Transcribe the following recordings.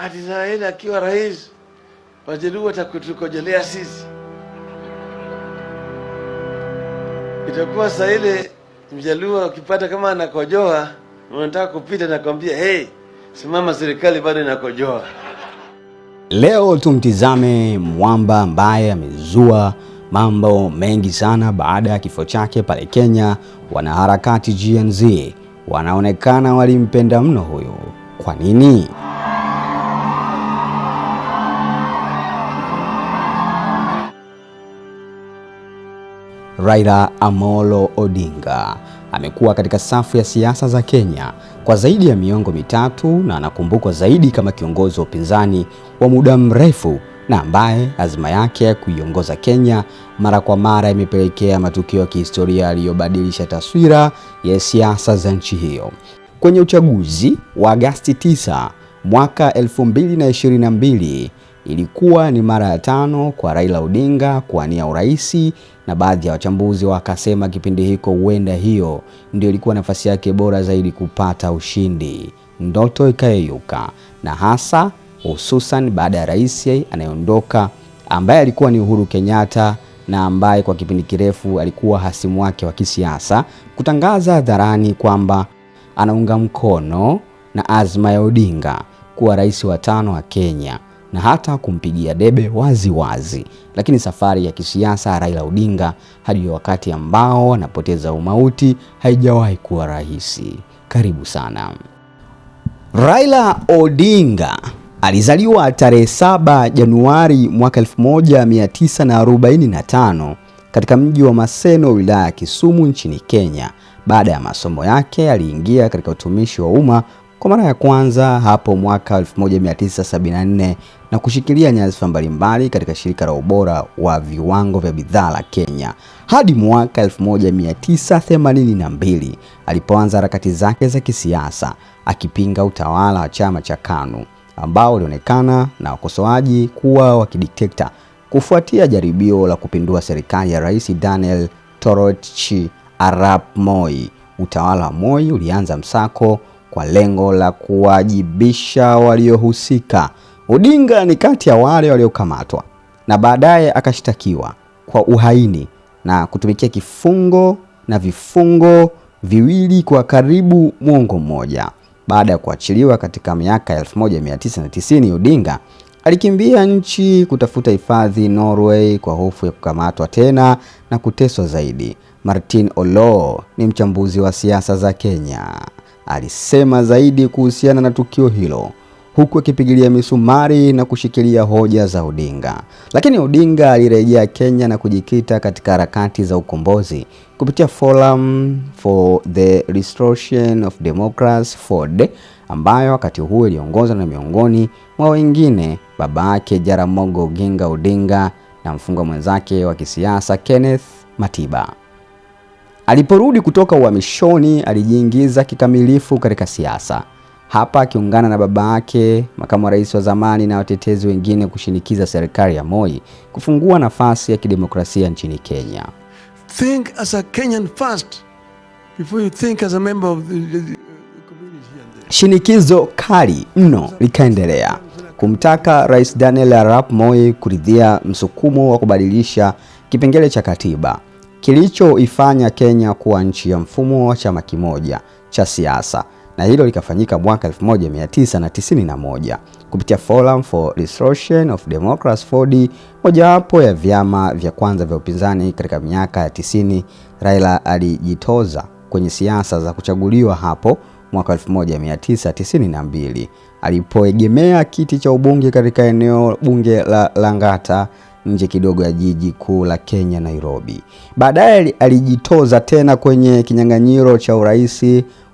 ati akiwa rais wajeruhu watakutukojelea sisi, itakuwa saa ile mjaluo akipata kama anakojoa, unataka kupita nakwambia, hey, simama, serikali bado inakojoa. Leo tumtizame mwamba ambaye amezua mambo mengi sana baada ya kifo chake pale Kenya. Wanaharakati GNZ wanaonekana walimpenda mno huyu. Kwa nini? Raila Amolo Odinga amekuwa katika safu ya siasa za Kenya kwa zaidi ya miongo mitatu na anakumbukwa zaidi kama kiongozi wa upinzani wa muda mrefu na ambaye azima yake ya kuiongoza Kenya mara kwa mara imepelekea matukio ya kihistoria yaliyobadilisha taswira ya siasa za nchi hiyo. Kwenye uchaguzi wa Agasti 9 mwaka 2022 ilikuwa ni mara ya tano kwa Raila Odinga kuwania urais, na baadhi ya wachambuzi wakasema kipindi hiko huenda hiyo ndio ilikuwa nafasi yake bora zaidi kupata ushindi. Ndoto ikayeyuka na hasa hususan baada ya rais anayeondoka ambaye alikuwa ni Uhuru Kenyatta na ambaye kwa kipindi kirefu alikuwa hasimu wake wa kisiasa kutangaza hadharani kwamba anaunga mkono na azma ya Odinga kuwa rais wa tano wa Kenya na hata kumpigia debe wazi wazi. Lakini safari ya kisiasa Raila Odinga hadi wakati ambao anapoteza umauti haijawahi kuwa rahisi. Karibu sana. Raila Odinga alizaliwa tarehe 7 Januari mwaka 1945 katika mji wa Maseno, wilaya ya Kisumu nchini Kenya. Baada ya masomo yake aliingia katika utumishi wa umma kwa mara ya kwanza hapo mwaka 1974 na kushikilia nyadhifa mbalimbali katika shirika la ubora wa viwango vya bidhaa la Kenya hadi mwaka 1982 alipoanza harakati zake za kisiasa akipinga utawala wa chama cha KANU ambao ulionekana na wakosoaji kuwa wa kidikteta kufuatia jaribio la kupindua serikali ya Rais Daniel Toroitich Arap Moi. Utawala wa Moi ulianza msako kwa lengo la kuwajibisha waliohusika. Odinga ni kati ya wale waliokamatwa na baadaye akashtakiwa kwa uhaini na kutumikia kifungo na vifungo viwili kwa karibu mwongo mmoja. Baada ya kuachiliwa katika miaka 1990, Odinga alikimbia nchi kutafuta hifadhi Norway kwa hofu ya kukamatwa tena na kuteswa zaidi. Martin olo ni mchambuzi wa siasa za Kenya alisema zaidi kuhusiana na tukio hilo huku akipigilia misumari na kushikilia hoja za Odinga. Lakini Odinga alirejea Kenya na kujikita katika harakati za ukombozi kupitia Forum for the Restoration of Democracy FORD, ambayo wakati huo iliongozwa na miongoni mwa wengine baba yake Jaramogi Oginga Odinga na mfungwa mwenzake wa kisiasa Kenneth Matiba. Aliporudi kutoka uhamishoni, alijiingiza kikamilifu katika siasa, hapa akiungana na baba yake, makamu wa rais wa zamani, na watetezi wengine kushinikiza serikali ya Moi kufungua nafasi ya kidemokrasia nchini Kenya. Think as a Kenyan first before you think as a member of the... Shinikizo kali mno likaendelea kumtaka Rais Daniel Arap Moi kuridhia msukumo wa kubadilisha kipengele cha katiba kilichoifanya Kenya kuwa nchi ya mfumo wa chama kimoja cha siasa na hilo likafanyika mwaka 1991 kupitia Forum for Restoration of Democracy FORD, mojawapo ya vyama vya kwanza vya upinzani katika miaka ya 90. Raila alijitoza kwenye siasa za kuchaguliwa hapo mwaka 1992 alipoegemea kiti cha ubunge katika eneo bunge la Lang'ata nje kidogo ya jiji kuu la Kenya, Nairobi. Baadaye alijitoza tena kwenye kinyang'anyiro cha urais,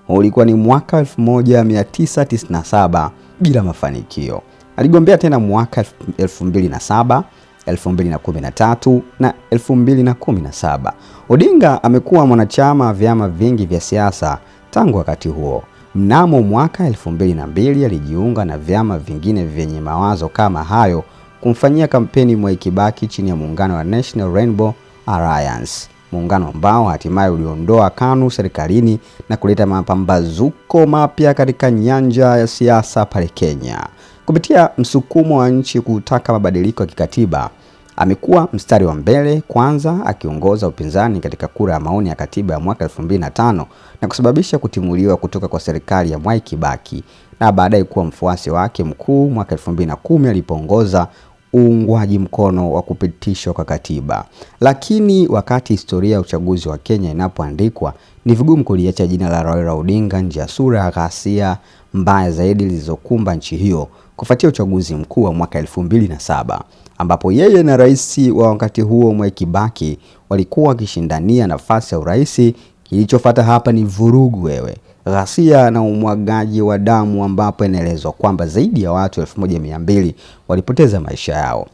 ulikuwa ni mwaka 1997 bila mafanikio. Aligombea tena mwaka 2007, 2013 na 2017. Odinga amekuwa mwanachama wa vyama vingi vya siasa tangu wakati huo. Mnamo mwaka 2002 alijiunga na vyama vingine vyenye mawazo kama hayo kumfanyia kampeni Mwai Kibaki chini ya muungano wa National Rainbow Alliance, muungano ambao hatimaye uliondoa KANU serikalini na kuleta mapambazuko mapya katika nyanja ya siasa pale Kenya. Kupitia msukumo wa nchi kutaka mabadiliko ya kikatiba, amekuwa mstari wa mbele kwanza, akiongoza upinzani katika kura ya maoni ya katiba ya mwaka 2005 na kusababisha kutimuliwa kutoka kwa serikali ya Mwai Kibaki na baadaye kuwa mfuasi wake mkuu mwaka 2010 alipoongoza uungwaji mkono wa kupitishwa kwa katiba. Lakini wakati historia ya uchaguzi wa Kenya inapoandikwa, ni vigumu kuliacha jina la Raila Odinga nje ya sura ya ghasia mbaya zaidi zilizokumba nchi hiyo kufuatia uchaguzi mkuu wa mwaka 2007 ambapo yeye na rais wa wakati huo Mwai Kibaki walikuwa wakishindania nafasi ya urais. Kilichofuata hapa ni vurugu wewe ghasia na umwagaji wa damu ambapo inaelezwa kwamba zaidi ya watu 1200 walipoteza maisha yao,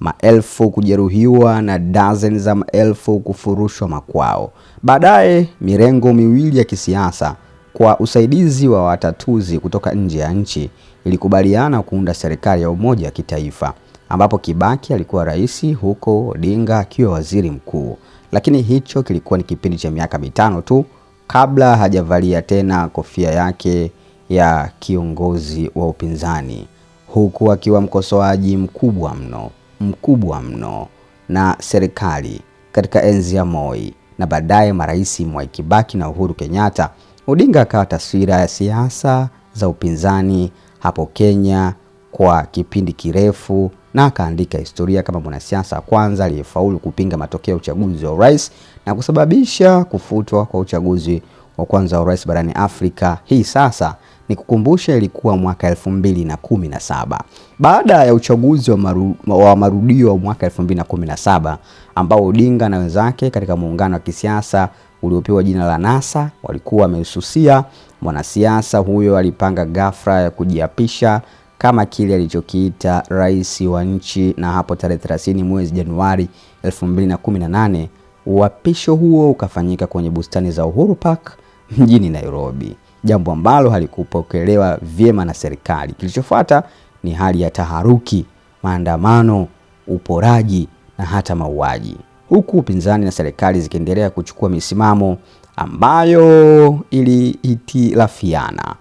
maelfu kujeruhiwa na dozen za maelfu kufurushwa makwao. Baadaye mirengo miwili ya kisiasa kwa usaidizi wa watatuzi kutoka nje ya nchi ilikubaliana kuunda serikali ya umoja wa kitaifa ambapo Kibaki alikuwa rais huko Odinga akiwa waziri mkuu, lakini hicho kilikuwa ni kipindi cha miaka mitano tu kabla hajavalia tena kofia yake ya kiongozi wa upinzani, huku akiwa mkosoaji mkubwa mno mkubwa mno na serikali katika enzi ya Moi na baadaye marais Mwai Kibaki na Uhuru Kenyatta. Odinga akawa taswira ya siasa za upinzani hapo Kenya kwa kipindi kirefu na akaandika historia kama mwanasiasa wa kwanza aliyefaulu kupinga matokeo ya uchaguzi wa urais na kusababisha kufutwa kwa uchaguzi wa kwanza wa urais barani Afrika. Hii sasa ni kukumbusha, ilikuwa mwaka elfu mbili na kumi na saba baada ya uchaguzi wa, maru, wa marudio wa mwaka elfu mbili na kumi na saba ambao Odinga na wenzake katika muungano wa kisiasa uliopewa jina la NASA walikuwa wamehususia. Mwanasiasa huyo alipanga ghafla ya kujiapisha kama kile alichokiita rais wa nchi, na hapo tarehe 30 mwezi Januari 2018 Uapisho huo ukafanyika kwenye bustani za Uhuru Park mjini Nairobi, jambo ambalo halikupokelewa vyema na serikali. Kilichofuata ni hali ya taharuki, maandamano, uporaji na hata mauaji, huku upinzani na serikali zikiendelea kuchukua misimamo ambayo ilihitilafiana.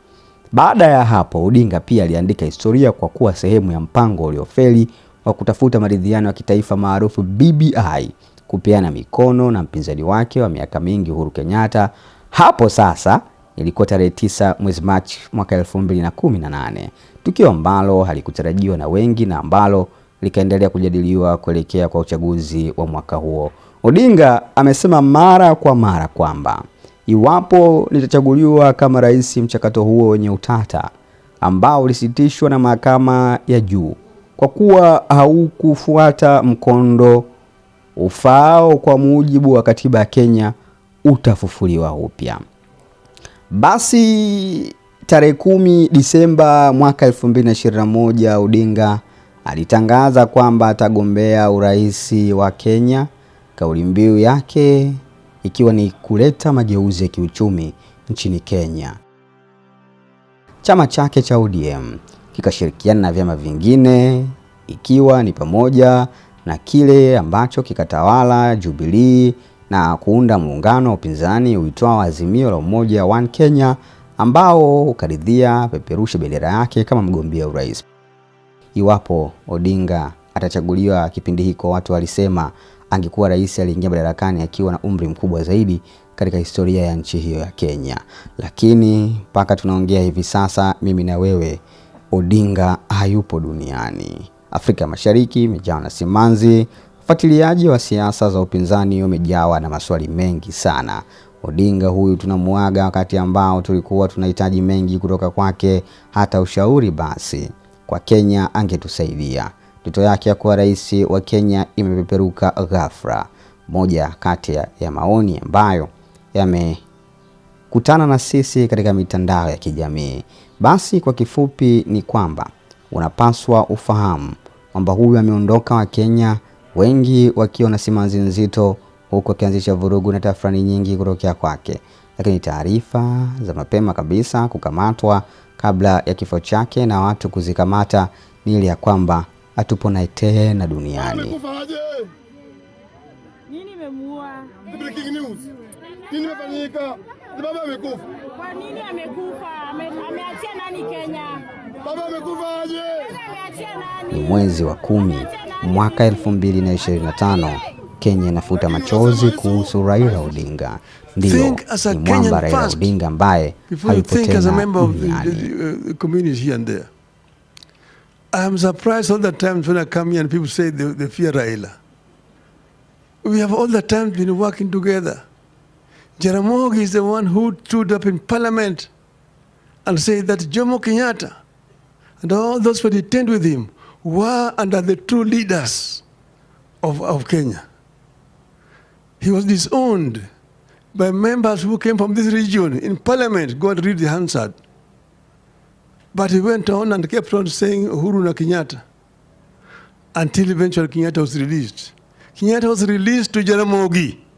Baada ya hapo, Odinga pia aliandika historia kwa kuwa sehemu ya mpango uliofeli wa kutafuta maridhiano ya kitaifa maarufu BBI kupeana mikono na mpinzani wake wa miaka mingi Uhuru Kenyatta hapo sasa. Ilikuwa tarehe tisa mwezi Machi mwaka na kumi nane tukio ambalo halikutarajiwa na wengi na ambalo likaendelea kujadiliwa kuelekea kwa uchaguzi wa mwaka huo. Odinga amesema mara kwa mara kwamba iwapo nitachaguliwa kama rais, mchakato huo wenye utata ambao ulisitishwa na mahakama ya juu kwa kuwa haukufuata mkondo ufaao kwa mujibu wa katiba ya Kenya utafufuliwa upya. Basi tarehe kumi Disemba mwaka 2021 Odinga alitangaza kwamba atagombea urais wa Kenya, kauli mbiu yake ikiwa ni kuleta mageuzi ya kiuchumi nchini Kenya. Chama chake cha ODM kikashirikiana na vyama vingine ikiwa ni pamoja na kile ambacho kikatawala Jubilee na kuunda muungano wa upinzani uitwao Azimio la Umoja One Kenya ambao ukaridhia peperushe bendera yake kama mgombea urais. Iwapo Odinga atachaguliwa, kipindi hiko watu walisema angekuwa rais aliingia madarakani akiwa na umri mkubwa zaidi katika historia ya nchi hiyo ya Kenya, lakini mpaka tunaongea hivi sasa, mimi na wewe, Odinga hayupo duniani. Afrika Mashariki imejawa na simanzi. Ufuatiliaji wa siasa za upinzani umejawa na maswali mengi sana. Odinga huyu tunamuaga wakati ambao tulikuwa tunahitaji mengi kutoka kwake, hata ushauri basi kwa Kenya angetusaidia. Ndoto yake ya kuwa rais wa Kenya imepeperuka ghafla. Moja kati ya maoni ambayo yamekutana na sisi katika mitandao ya kijamii, basi kwa kifupi ni kwamba unapaswa ufahamu kwamba huyu ameondoka Wakenya wengi wakiwa na simanzi nzito, huku akianzisha vurugu na tafrani nyingi kutokea kwake, lakini taarifa za mapema kabisa kukamatwa kabla ya kifo chake na watu kuzikamata ni ile ya kwamba hatupo naye tena duniani. Breaking news. Nini imefanyika? Baba amekufa. Kwa nini amekufa? Ameachia nani Kenya? Baba amekufa aje? Ni mwezi wa kumi mwaka 2025. Kenya inafuta machozi kuhusu Raila Odinga. Ndio, ni mwamba Raila Odinga ambaye hayupo tena duniani. Uh, we have all the time been working together. Jaramogi is the one who stood up in parliament and said that Jomo Kenyatta and all those who detained with him were under the true leaders of, of Kenya. He was disowned by members who came from this region in parliament. Go and read the Hansard. But he went on and kept on saying Uhuru na Kenyatta until eventually Kenyatta was released. Kenyatta was released to Jaramogi.